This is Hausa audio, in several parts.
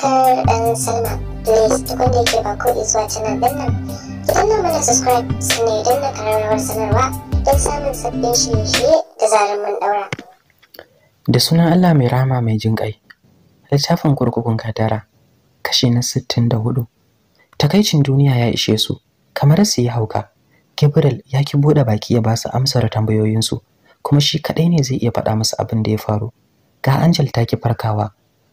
subscribe and sign up. Please tukun da yake ba ko zuwa canal din nan. Ki danna mana subscribe sannan ya danna kararrawar sanarwa don samun sabbin shirye-shirye da zarar mun daura. Da sunan Allah mai rama mai jin ƙai. Littafin kurkukun kadara kashi na sittin da hudu. Takaicin duniya ya ishe su kamar su yi hauka. Gabriel ya ki buɗe baki ya ba su amsar tambayoyinsu kuma shi kaɗai ne zai iya faɗa musu abin da ya faru. Ga Angel ta ki farkawa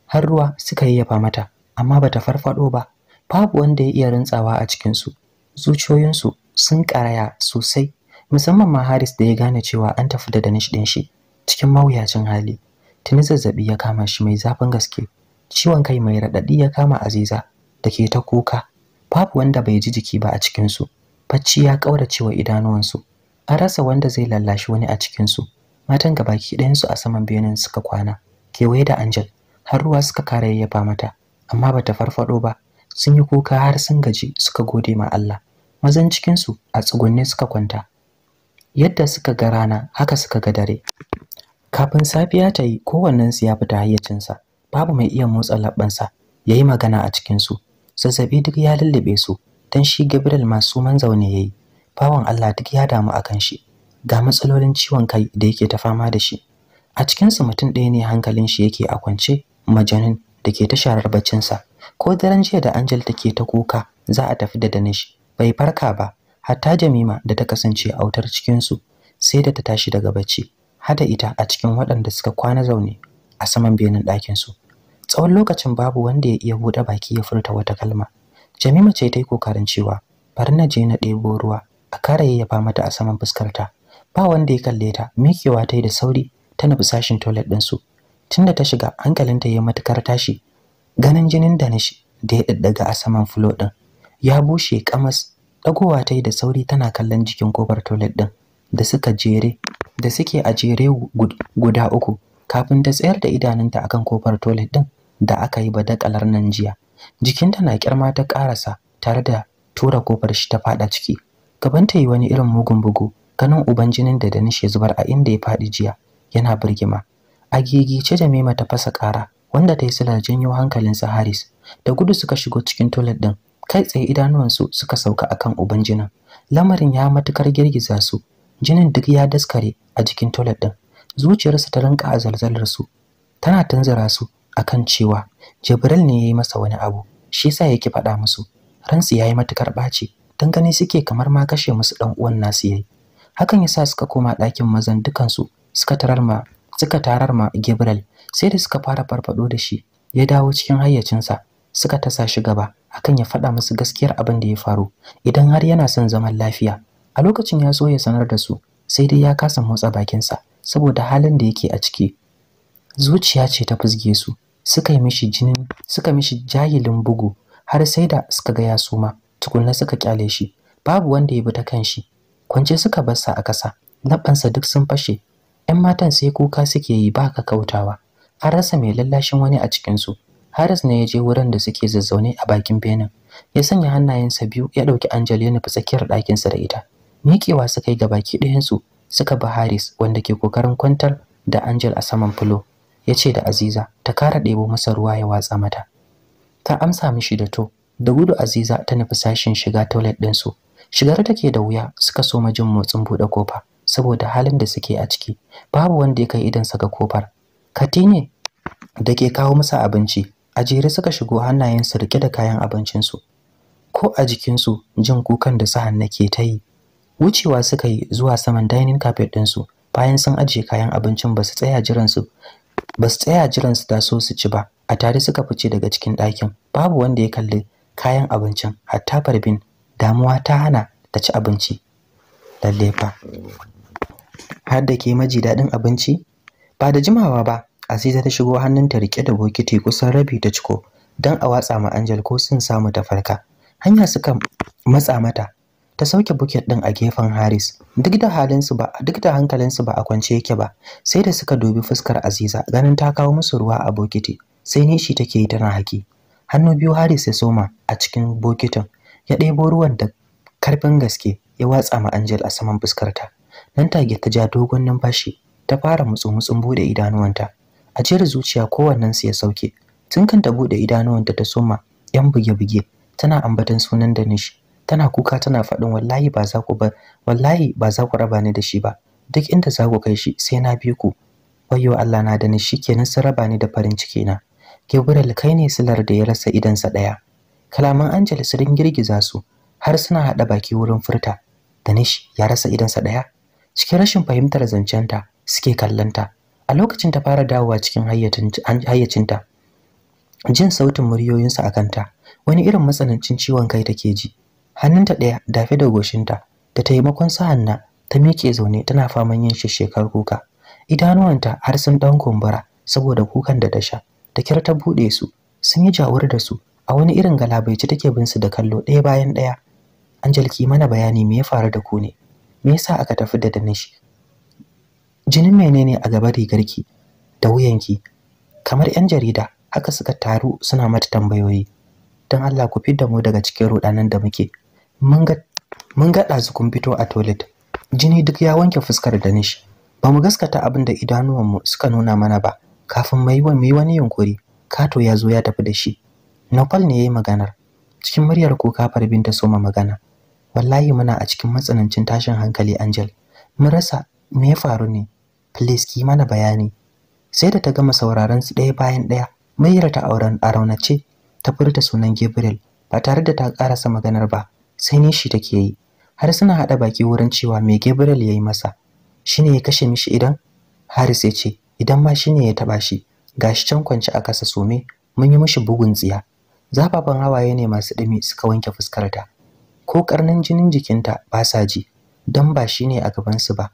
har ruwa suka yayyafa mata amma bata farfado ba babu wanda ya iya rantsawa a cikin su zuciyoyinsu sun karaya sosai musamman ma Haris da ya gane cewa an tafi da Danish din shi cikin mawuyacin hali tuni zazzabi ya kama shi mai zafin gaske ciwon kai mai radadi ya kama Aziza da ke ta kuka babu wanda bai ji jiki ba a cikin su bacci ya cewa idanuwan su. an rasa wanda zai lallashi wani a cikin su matan gabaki ɗayan su a saman benin suka kwana kewaye da Angel har ruwa suka kare yayyafa mata amma bata farfado ba sun yi kuka har sun gaji suka gode ma Allah mazan su a tsugunne suka kwanta yadda suka ga rana haka suka ga dare kafin safiya ta yi su ya fita hayyacinsa babu mai iya motsa labban ya yi magana a cikin su zazzabi duk ya lullube su dan shi gabriel masu manzaune ya yi bawan allah duk ya damu a kan shi ga matsalolin ciwon kai da yake ta fama da shi a cikinsu mutum ɗaya ne hankalin shi yake a kwance Majanin da ke ta sharar baccinsa ko daren jiya da Angel take ta kuka za a tafi da Danish bai farka ba hatta Jamima da ta kasance autar cikin su sai da ta tashi daga bacci hada ita a cikin waɗanda suka kwana zaune a saman benin ɗakin su tsawon lokacin babu wanda ya iya buɗe baki ya furta wata kalma Jamima ce ta yi kokarin cewa bari na je na ɗebo ruwa a kara yayyafa mata a saman fuskarta ba wanda ya kalle ta mikewa ta yi da sauri ta nufi sashin toilet ɗinsu tunda ta shiga hankalinta ya matukar tashi ganin jinin da da ya daddaga a saman fulo din ya bushe kamas dagowa ta yi da sauri tana kallon jikin kofar toilet din da suka jere da suke a jere guda uku kafin ta tsayar da idanunta akan kofar toilet din da aka yi badakalar nan jiya jikinta na kirma ta karasa tare da tura kofar shi ta fada ciki gaban ta yi wani irin mugun bugu ganin uban jinin da danish ya zubar a inda ya fadi jiya yana birgima a gigice Mema ta fasa ƙara wanda ta yi silar janyo hankalinsa Haris da gudu suka shigo cikin toilet ɗin, kai tsaye idanuwansu suka sauka akan uban jinin lamarin ya matukar girgiza su jinin duk ya daskare a jikin toilet ɗin, zuciyarsa ta rinka a zalzalar su tana tunzura su akan cewa Jibril ne ya yi masa wani abu shi yasa yake faɗa musu ransu yayi matukar ɓaci dan gani suke kamar ma kashe musu dan uwan nasu yayi hakan yasa suka koma ɗakin mazan dukansu suka tarar ma suka tarar ma Gabriel sai da suka fara farfado da shi ya dawo cikin hayyacinsa suka tasa shi gaba akan ya faɗa musu gaskiyar abin da ya faru idan har yana son zaman lafiya a lokacin ya so ya sanar da su sai dai ya kasa motsa bakinsa saboda halin da yake a ciki zuciya ce ta fusge su suka yi mishi jinin suka mishi jahilin bugu har sai da suka ga ya suma tukunna suka kyale shi babu wanda ya bi ta kan shi kwance suka bar a kasa labbansa duk sun fashe 'yan matan sai kuka suke yi ba ka kautawa an rasa mai lallashin wani a cikinsu haris ne ya je wurin da suke zazzaune a bakin benin ya sanya hannayensa biyu ya ɗauki angel ya nufi tsakiyar ɗakinsa da ita miƙewa suka yi baki ɗayansu suka bi haris wanda ke kokarin kwantar da angel a saman fulo ya ce da aziza ta kara ɗebo masa ruwa ya watsa mata ta amsa mishi da to da gudu aziza ta nufi sashin shiga toilet ɗinsu shigar take da wuya suka soma jin motsin buɗe kofa saboda halin da suke a ciki babu wanda ya kai idan saka kofar katine da ke kawo musu abinci a jere suka shigo hannayensu rike da kayan abincinsu ko a jikinsu jin kukan da sahan ke ta yi wucewa suka yi zuwa saman dining carpet su, bayan sun ajiye kayan abincin ba su tsaya jiransu ba su tsaya jiransu da so su ci ba a tare suka fice daga cikin ɗakin babu wanda ya kalli kayan abincin hatta barbin damuwa ta hana ta ci abinci lalle fa har da ke maji daɗin abinci ba da jimawa ba aziza ta shigo hannunta rike da bokiti kusan rabi ta ciko don a watsa ma angel ko sun samu ta farka hanya suka matsa mata ta sauke buket ɗin a gefen Haris duk da halinsu ba duk da hankalinsu ba a kwance yake ba sai da suka dubi fuskar Aziza ganin ta kawo musu ruwa a bokiti sai nishi take yi tana haki hannu biyu Haris ya soma a cikin bokitin ya ɗebo ruwan da karfin gaske ya watsa ma Angel a saman fuskarta nan take ta ja dogon numfashi ta fara mutsu-mutsun bude idanuwanta ajiyar zuciya kowannen su ya sauke tun kan ta bude idanuwanta ta soma yan buge-buge tana ambatan sunan Danish tana kuka tana faɗin wallahi ba za ku ba wallahi ba za ku raba ni da shi ba duk inda za ku kai shi sai na bi ku wayyo Allah na da shi kenan sun raba ni da farin ciki na Gabriel kai ne silar da ya rasa idansa daya kalaman Angel sun girgiza su har suna hada baki wurin furta Danish ya rasa idansa daya cikin rashin fahimtar zancenta suke kallonta a lokacin ta fara dawowa cikin hayyacinta jin sautin muryoyinsu a kanta wani irin matsanancin ciwon kai take ji hannunta ɗaya dafe da goshinta da taimakon sa'anna ta miƙe zaune tana faman yin shisshekar kuka idanuwanta har sun ɗan kumbura saboda kukan da ta sha da kira ta buɗe su sun yi jawur da su a wani irin galabaici take bin su da kallo ɗaya bayan ɗaya anjalki ki mana bayani me ya faru da ku ne me yasa aka tafi da danin jinin menene a gaban rigarki da wuyanki kamar yan jarida haka suka taru suna mata tambayoyi don Allah ku fidda mu daga cikin rudanan da muke mun ga mun ga dazu kun fito a toilet jini duk ya wanke fuskar danish ba mu gaskata abin da idanuwanmu suka nuna mana ba kafin mai wani wani yunkuri kato ya zo ya tafi da shi nopal ne yayi maganar cikin muryar kuka farbin binta soma magana wallahi muna a cikin matsanancin tashin hankali Angel mun rasa me ya faru ne please ki mana bayani sai da ta gama sauraron su ɗaya bayan ɗaya Maira ta auren a raunace ta furta sunan Gabriel ba tare da ta karasa maganar ba sai ne shi take yi har suna haɗa baki wurin cewa me Gabriel ya yi masa shine ya kashe mishi idan Haris ya ce idan ma shi ne ya taɓa shi gashi can kwance a kasa some mun yi mishi bugun tsiya zafafan hawaye ne masu dumi suka wanke fuskarta ko karnin jinin jikinta ba sa ji don ba shi ne a gabansu ba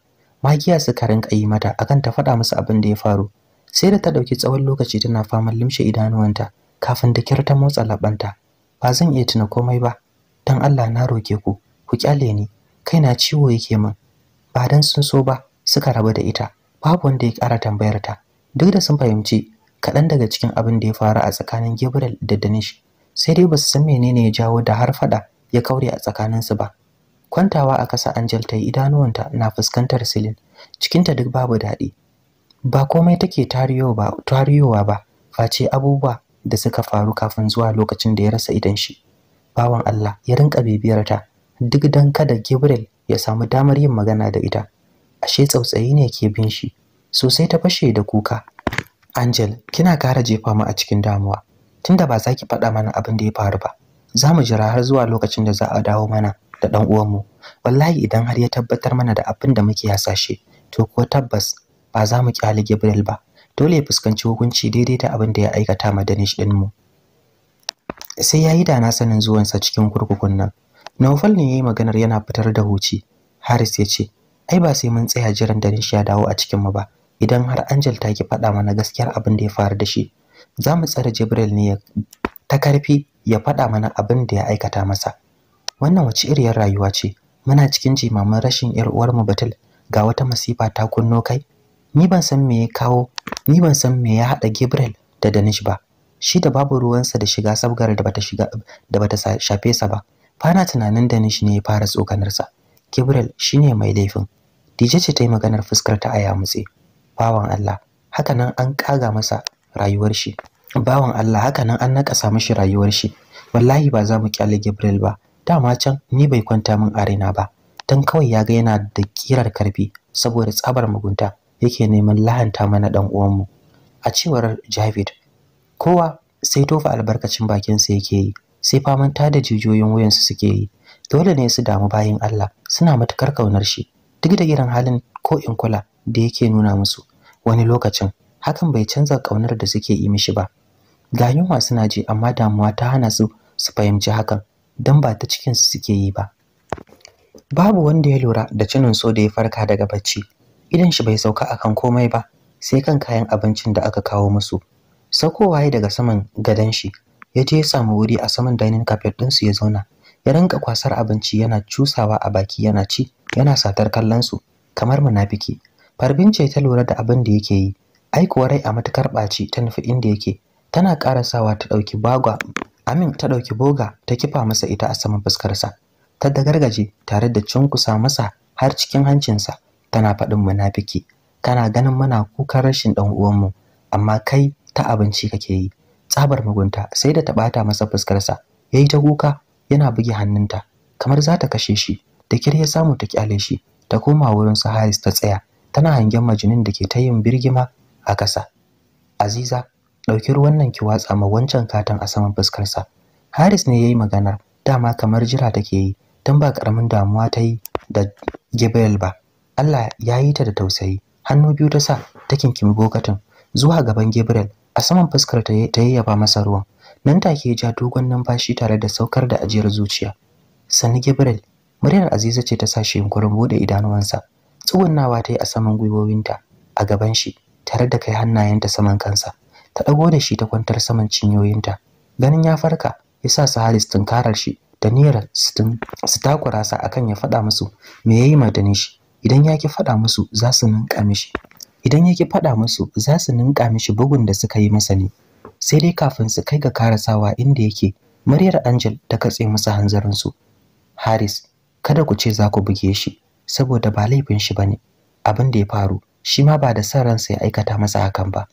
magiya suka rinka yi mata akan ta faɗa musu abin da ya faru sai da ta ɗauki tsawon lokaci tana faman limshe idanuwanta kafin da kyar ta motsa labanta ba zan iya tuna komai ba don Allah na roke ku ku kyale ni na ciwo yake min ba dan sun so ba suka raba da ita babu wanda ya ƙara tambayar ta duk da sun fahimci kaɗan daga cikin abin da ya faru a tsakanin Gabriel da Danish sai dai ba su san menene ya jawo da har faɗa ya kaure a tsakaninsu ba kwantawa a ƙasa Angel ta yi idanuwanta na fuskantar silin cikinta duk babu daɗi ba komai take tariyowa ba face abubuwa da suka faru kafin zuwa lokacin da ya rasa idan shi bawan Allah ya rinka ta duk dan kada Gabriel ya samu damar yin magana da ita ashe tsautsayi ne ke bin shi sosai ta fashe da kuka Angel kina kara jefa mu a cikin damuwa tunda ba za ki faɗa mana abin da ya faru ba za mu jira har zuwa lokacin da za a dawo mana da ɗan uwanmu wallahi idan har ya tabbatar mana da abin da muke hasashe to kuwa tabbas ba za mu kyale Gabriel ba dole ya fuskanci hukunci daidai da abin da ya aikata ma Danish din mu sai yayi da na sanin zuwansa cikin kurkukun nan nawfal ne ya yi maganar yana fitar da huci Haris ya ce ai ba sai mun tsaya jiran Danish ya dawo a cikin mu ba idan har Angel ta ki faɗa mana gaskiyar abin da ya faru da shi za mu tsare Jibril ne ta karfi ya faɗa mana abin da ya aikata masa wannan wace iriyar rayuwa ce muna cikin jimamin rashin yar uwarmu batul ga wata masifa ta kunno kai ni ban san me ya kawo ni ban san me ya haɗa Gabriel da Danish ba shi da babu ruwansa da shiga sabgar da bata shiga da bata shafe sa ba fana tunanin Danish ne ya fara tsokanarsa Gabriel shine mai laifin Dije ce ta yi maganar fuskar ta a mutse. bawan Allah hakanan an kaga masa rayuwar shi bawan Allah haka nan an samu shi rayuwar shi wallahi ba za mu kyale Gabriel ba dama can ni bai kwanta min arena ba dan kawai ya ga yana da kirar karfi saboda tsabar mugunta yake neman lahanta mana dan uwanmu a cewar Javid kowa sai tofa albarkacin bakin sa yake yi sai faman ta da jijiyoyin wuyansu suke yi dole ne su damu bayin Allah suna matukar kaunar shi duk da irin halin ko in kula da yake nuna musu wani lokacin hakan bai canza kaunar da suke yi mishi ba ga yunwa suna ji amma damuwa ta hana su su fahimci hakan don ba ta cikin su suke yi ba babu wanda ya lura da cinin so da ya farka daga bacci idan shi bai sauka akan komai ba sai kan kayan abincin da aka kawo musu saukowa ya daga saman gadon shi ya je ya samu wuri a saman dining carpet ɗinsu ya zauna ya rinka kwasar abinci yana cusawa a baki yana ci yana satar kallon su kamar munafiki farbin ta lura da abin da yake yi ai rai a matukar ɓaci ta nufi inda yake tana karasawa ta dauki bagwa amin ta dauki boga ta kifa masa ita a saman fuskarsa ta da dagargaje tare da cunkusa masa har cikin hancinsa tana faɗin munafiki kana ganin mana kukan rashin dan uwanmu amma kai ta abinci kake yi tsabar mugunta sai da ta bata masa fuskarsa yayi ta kuka yana buge hannunta kamar za ta kashe shi da kir ya samu ta kyale shi ta koma wurin su Haris ta tsaya tana hangen majinin da ke ta yin birgima a ƙasa Aziza ɗauki ruwan nan ki watsa ma wancan katon a saman fuskarsa haris ne ya yi maganar dama kamar jira take yi don ba ƙaramin damuwa ta yi da gabriel ba allah ya yi ta da tausayi hannu biyu ta sa ta kinkimi bokatin zuwa gaban gabriel a saman fuskar ta yi yaba masa ruwan nan take ya ja dogon numfashi tare da saukar da ajiyar zuciya sani gabriel muryar aziza ce ta sa shi yunkurin bude idanuwansa tsugunnawa ta yi a saman gwiwowinta a gaban shi tare da kai hannayenta saman kansa ta ɗago da shi ta kwantar saman cinyoyinta ganin ya farka ya sa su haris tunkarar shi da niyyar su takura sa akan ya faɗa musu me ya yi madanin shi idan ya ki faɗa musu za su ninka mishi idan ya ki faɗa musu za su ninka mishi bugun da suka yi masa ne sai dai kafin su kai ga karasawa inda yake maryar angel ta katse musu hanzarinsu haris kada ku ce za ku buge shi saboda ba laifin shi ba ne abin da ya faru shi ma ba da son ransa ya aikata masa hakan ba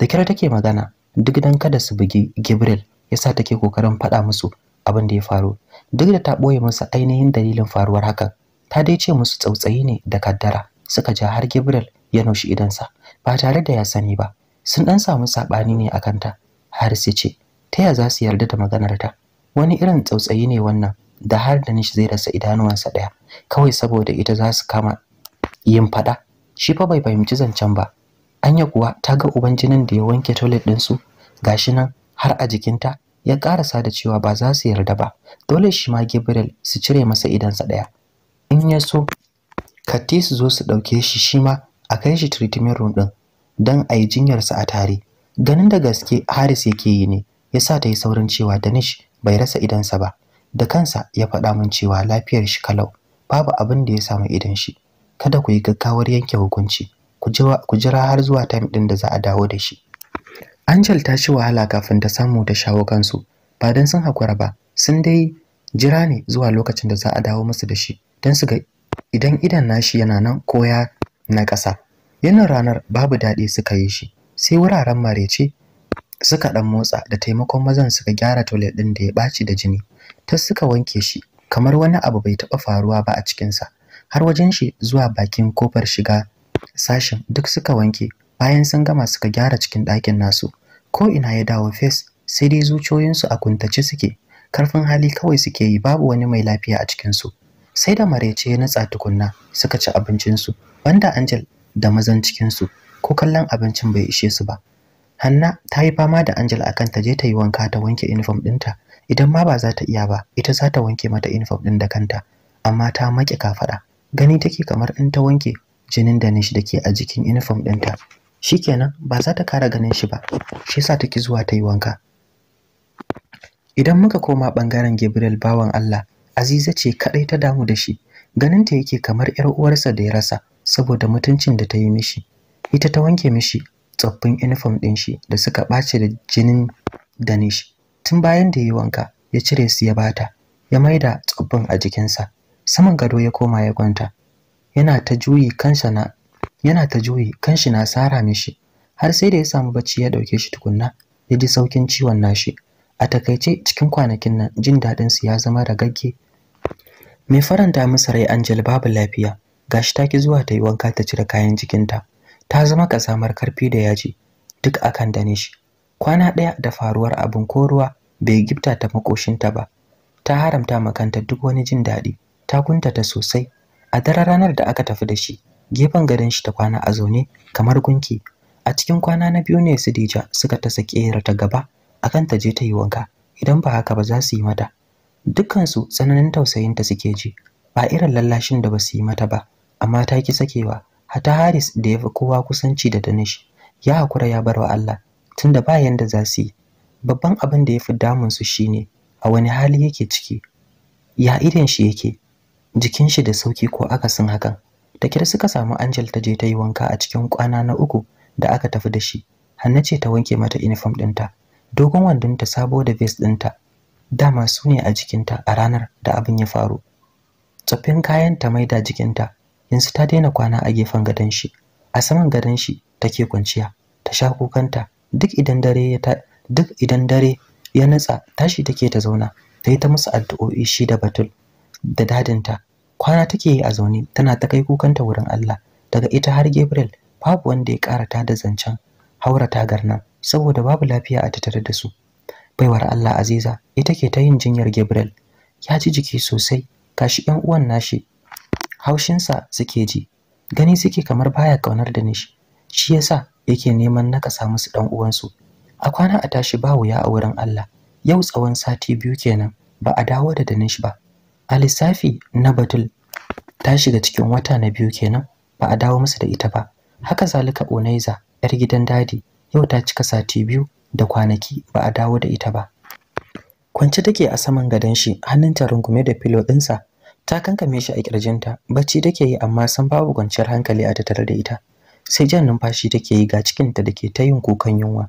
da kira take magana duk dan kada su bugi Gabriel yasa take kokarin faɗa musu abin da ya faru duk da ta boye musu ainihin dalilin faruwar hakan ta dai ce musu tsautsayi ne da kaddara suka ja har Gabriel ya nushi idansa ba tare da ya sani ba sun dan samu sabani ne akan ta har sai ce ta ya za su yarda da maganar ta wani irin tsautsayi ne wannan da har da nishi zai rasa idanuwansa daya kawai saboda ita za su kama yin faɗa, shi fa bai fahimci zancen ba anya kuwa ta ga uban jinin da ya wanke toilet su gashi nan har a jikinta ya karasa da cewa ba za su yarda ba dole shi ma Gabriel su cire masa idansa ɗaya in ya so katti su zo su dauke shi shi ma a kai shi treatment room ɗin dan a yi jinyarsa a tare ganin da gaske Haris yake yi ne yasa ta yi saurin cewa Danish bai rasa idansa ba da kansa ya faɗa min cewa lafiyar shi kalau babu abin da ya samu idan shi kada ku yi gaggawar yanke hukunci ku jira har zuwa time ɗin da za a dawo da shi Angel ta shi wahala kafin ta samu ta shawo kansu ba don sun hakura ba sun dai jira ne zuwa lokacin da za a dawo musu da shi don su ga idan idan nashi yana nan ko ya na ƙasa yanin ranar babu daɗi suka yi shi sai wuraren marece suka ɗan motsa da taimakon mazan suka gyara toilet ɗin da ya ɓaci da jini ta suka wanke shi kamar wani abu bai taɓa faruwa ba a cikinsa har wajen shi zuwa bakin kofar shiga sashen duk suka wanke bayan sun gama suka gyara cikin ɗakin nasu ko ina ya dawo fes sai dai zuciyoyinsu a kuntace suke karfin hali kawai suke yi babu wani mai lafiya a cikinsu sai da maraice ya natsa tukunna suka ci abincinsu banda angel da mazan cikinsu ko kallon abincin bai ishe su ba hanna ta yi fama da angel akan ta je ta yi wanka ta wanke uniform ɗinta idan ma ba za ta iya ba ita za ta wanke mata uniform ɗin da kanta amma ta maƙe kafaɗa gani take kamar in ta wanke jinin Danish da ke a jikin uniform ɗinta. Shikenan ba za ta kara ganin shi ba, shi yasa take zuwa ta yi wanka. Idan muka koma ɓangaren Gabriel bawan Allah, Aziza ce kaɗai ta damu da shi, ganin ganinta yake kamar 'yar uwarsa da ya rasa saboda mutuncin da ta yi mishi. Ita ta wanke mishi tsoffin uniform ɗin shi da suka ɓace da jinin Danish. Tun bayan da ya yi wanka, ya cire su ya bata, ya maida tsoffin a jikinsa. Saman gado ya koma ya kwanta. yana ta juyi kansa na yana ta juyi kanshi na sara mishi har sai da ya samu bacci ya dauke shi tukunna ya ji saukin ciwon nashi a takaice cikin kwanakin nan jin daɗin su ya zama ragagge mai faranta masa rai Angel babu lafiya gashi ta ki zuwa ta yi wanka ta cire kayan jikinta ta zama kasamar karfi da yaji duk akan da shi kwana ɗaya da faruwar abin ko ruwa bai gifta ta makoshinta ba ta haramta makanta duk wani jin daɗi ta kuntata sosai a daren ranar da aka tafi da shi gefen gadon shi ta kwana a zaune kamar gunki a cikin kwana na biyu ne su dija suka ta sake ta gaba akan ta je ta yi wanka idan ba haka ba za su yi mata dukkansu tsananin ta suke ji ba irin lallashin da ba su yi mata ba amma ta ki sakewa hata haris da ya fi kowa kusanci da danish ya hakura ya bar wa allah tunda ba yanda za su yi babban abin da ya fi damunsu shine a wani hali yake ciki ya idan shi yake jikin shi da sauki ko akasin hakan da suka samu Angel ta je ta yi wanka a cikin kwana na uku da aka tafi da shi Hanna ce ta wanke mata uniform ɗinta dogon wandonta sabo da vest ɗinta dama su ne a jikinta a ranar da abin ya faru tsoffin kayan ta maida jikinta yanzu ta daina kwana a gefen gadon shi a saman gadon shi take kwanciya ta sha kukanta duk idan dare ya ta duk idan dare ya nutsa tashi take ta zauna ta yi ta musu addu'o'i shi da batul da dadinta kwana take yi a zaune tana ta kai kukanta wurin Allah daga ita har Gabriel babu wanda ya karata da zancen haura tagar nan saboda babu lafiya a tattare da su baiwar Allah Aziza ita ke ta yin jinyar Gabriel ya ji jiki sosai kashi ɗan uwan nashi haushinsa suke ji gani suke kamar baya kaunar da nishi shi yasa yake neman nakasa musu dan uwansu a kwana a tashi ba wuya a wurin Allah yau tsawon sati biyu kenan ba a dawo da danish ba a lissafi na batul ta shiga cikin wata na biyu kenan ba a dawo masa da ita ba haka zalika onaiza yar gidan dadi yau ta cika sati biyu da kwanaki ba a dawo da ita ba kwance take a saman gadon shi hannun ta rungume da filo ɗinsa ta kankame shi a kirjinta bacci take yi amma san babu kwanciyar hankali a tattare da ita sai jan numfashi take yi ga cikinta da ke ta yin kukan yunwa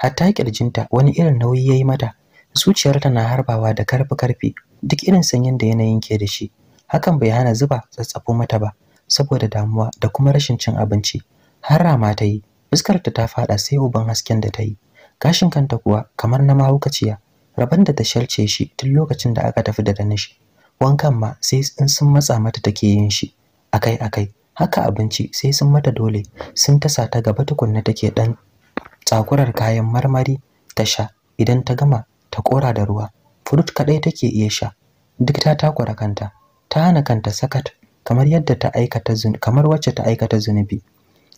hatta kirjinta wani irin nauyi ya yi mata zuciyarta na harbawa da karfi karfi duk irin sanyin da yanayin ke da shi hakan bai hana zuba tsatsafo mata ba saboda damuwa da kuma rashin cin abinci har rama ta yi fuskarta ta faɗa, sai uban hasken da ta yi gashin kanta kuwa kamar na mahaukaciya rabon da ta shalce shi tun lokacin da aka tafi da danish wankan ma sai in sun matsa mata take yin shi akai akai haka abinci sai sun mata dole sun tasa ta gaba tukunna take dan tsakurar kayan marmari ta sha idan ta gama ta kora da ruwa furut kaɗai take iya sha duk ta takura kanta ta hana kanta sakat kamar yadda ta aikata zunubi kamar wacce ta aikata zunubi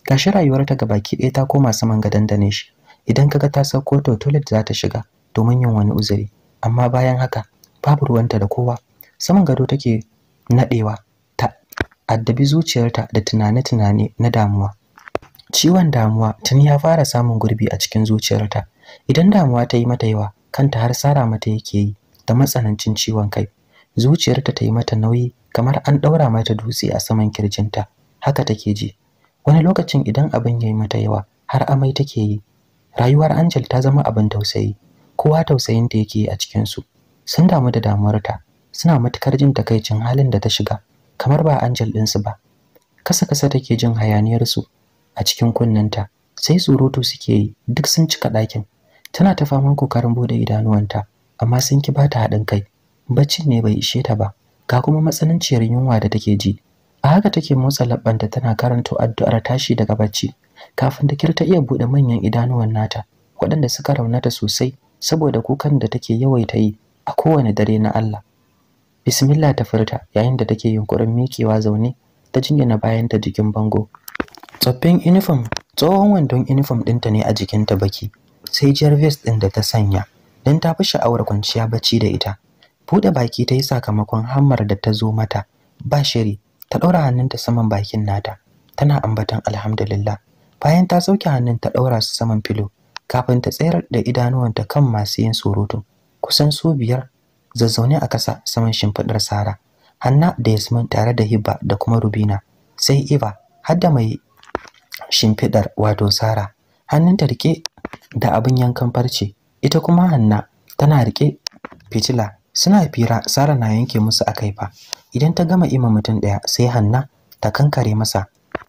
gashi rayuwarta ga baki ɗaya ta koma saman gadon da ne shi idan kaga ta sauko to toilet za ta shiga domin yin wani uzuri amma bayan haka babu ruwanta da kowa saman gado take nadewa ta addabi zuciyarta da tunane-tunane na damuwa ciwon damuwa tun ya fara samun gurbi a cikin zuciyarta idan damuwa ta yi mata yawa kanta har sara mata yake yi da matsanancin ciwon kai zuciyarta ta yi mata nauyi kamar an ɗaura mata dutse a saman kirjinta haka take ji wani lokacin idan abin ya yi mata yawa har amai take yi rayuwar angel ta zama abin tausayi kowa tausayinta yake a cikinsu sun damu da damuwarta suna matukar jin takaicin halin da ta shiga kamar ba angel ɗinsu ba kasa kasa take jin hayaniyarsu a cikin kunnenta sai surutu suke yi duk sun cika ɗakin tana ta faman kokarin bude idanuwanta amma sun ki bata haɗin kai baccin ne bai ishe ta ba ga kuma matsananciyar yunwa da take ji a haka take motsa labbanta tana karanto addu'ar tashi daga bacci kafin da kirta iya buɗe manyan idanuwan nata waɗanda suka raunata sosai saboda kukan da take yawaita yi a kowane dare na Allah bismillah ta furta yayin da take yunkurin miƙewa zaune ta jingina bayan ta jikin bango tsoffin uniform tsohon wandon uniform ɗinta ne a jikinta baki sai jar vest ɗin da ta sanya dan ta fi sha'awar kwanciya bacci da ita buɗe baki ta yi sakamakon hammar da ta zo mata ba shiri ta ɗaura hannunta saman bakin nata tana ambaton alhamdulillah bayan ta sauke hannun ta ɗaura su saman filo kafin ta tsayar da idanuwanta kan masu yin surutu kusan su biyar zazzaune a ƙasa saman shimfiɗar sara hanna da yasmin tare da hibba da kuma rubina sai iba har da mai shimfiɗar wato sara hannunta rike da abin yankan farce ita kuma Hanna tana rike fitila suna fira Sara na yanke musu akaifa idan ta gama ima mutum daya sai Hanna ta kankare masa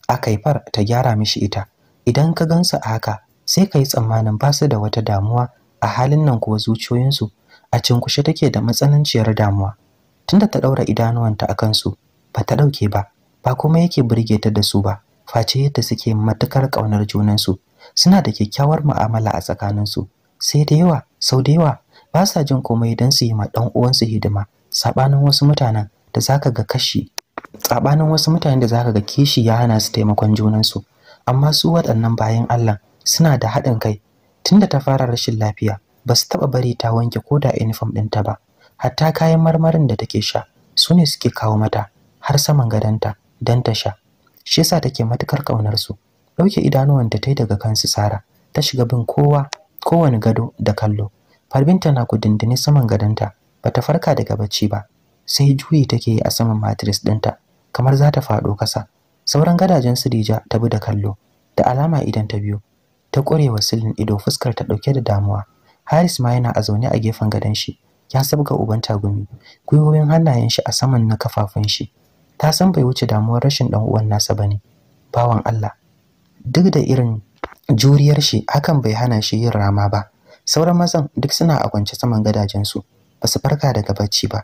akaifar ta gyara mishi ita idan ka gansu a haka sai ka yi tsammanin ba su da wata damuwa a halin nan kuwa zuciyoyinsu a cinkushe take da matsananciyar damuwa tunda ta daura idanuwanta a kansu ba ta dauke ba ba kuma yake burge ta da su ba face yadda suke matukar kaunar junansu suna da kyakkyawar mu'amala a tsakaninsu sai da yawa sau da yawa ba sa jin komai don su yi ma ɗan uwansu hidima sabanin wasu mutanen da zaka ga kashi sabanin wasu mutanen da zaka ga kishi ya hana su taimakon junansu amma su waɗannan bayan Allah suna da haɗin kai tunda ta fara rashin lafiya ba su taɓa bari ta wanke ko da uniform ɗinta ba hatta kayan marmarin da take sha su ne suke kawo mata har saman gadonta don ta sha shi yasa take matukar ƙaunar su ɗauke idanuwanta ta yi daga kansu sara ta shiga bin kowa kowane gado da kallo farbinta na kudindini saman gadonta ta farka daga bacci ba sai juyi take yi a saman matris ɗinta kamar za ta faɗo kasa sauran gadajen su ta bi da kallo da alama idan ta biyo ta wa silin ido fuskar ta ɗauke da damuwa Haris ma yana a zaune a gefen gadon shi ya sabga uban tagumi gwiwoyin hannayen shi a saman na kafafun shi ta san bai wuce damuwar rashin ɗan uwan nasa ba ne. bawan Allah duk da irin juriyar shi hakan bai hana shi yin rama ba sauran mazan duk suna a kwance saman gadajensu ba su farka daga bacci ba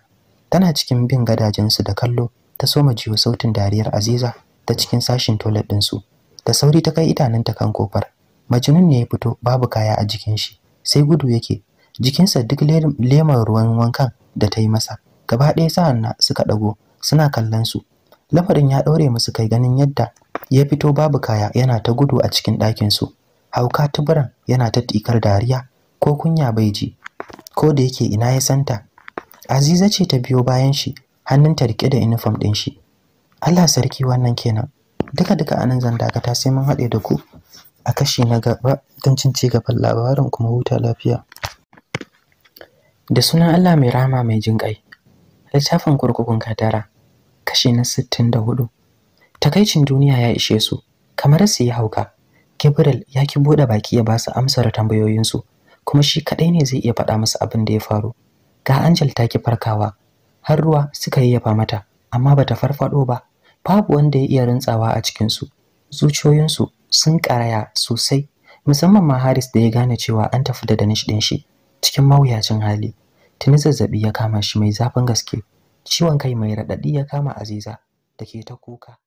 tana cikin bin gadajensu da kallo ta soma jiyo sautin dariyar aziza ta cikin sashin toilet ɗinsu da sauri ta kai idanunta kan kofar majnun ne ya fito babu kaya a jikin shi sai gudu yake jikinsa duk lemar ruwan wankan da ta yi masa gaba ɗaya sa'an suka ɗago suna kallon su lamarin ya ɗaure musu kai ganin yadda ya fito babu kaya yana ta gudu a cikin ɗakinsu hauka tuburan yana ta tikar dariya ko kunya bai ji ko da yake ina ya santa aziza ce ta biyo bayan shi hannun ta rike da uniform ɗin shi allah sarki wannan kenan duka duka anan zan dakata sai mun haɗe da ku a kashi na gaba don cin ci gaban labarin kuma huta lafiya da sunan allah mai rama mai jin ƙai littafin kurkukun katara kashi na sittin da hudu takaicin duniya ya ishe su kamar su yi hauka gabriel ya ki bude baki ya ba su amsar tambayoyinsu kuma shi kadai ne zai iya faɗa musu abin da ya faru ga angel ta ki farkawa har ruwa suka yi yafa mata amma ba ta farfado ba babu wanda ya iya rantsawa a cikinsu zuciyoyinsu sun karaya sosai musamman ma haris da ya gane cewa an tafi da danish din shi cikin mawuyacin hali tuni zazzabi ya kama shi mai zafin gaske ciwon kai mai raɗaɗi ya kama aziza da ke ta kuka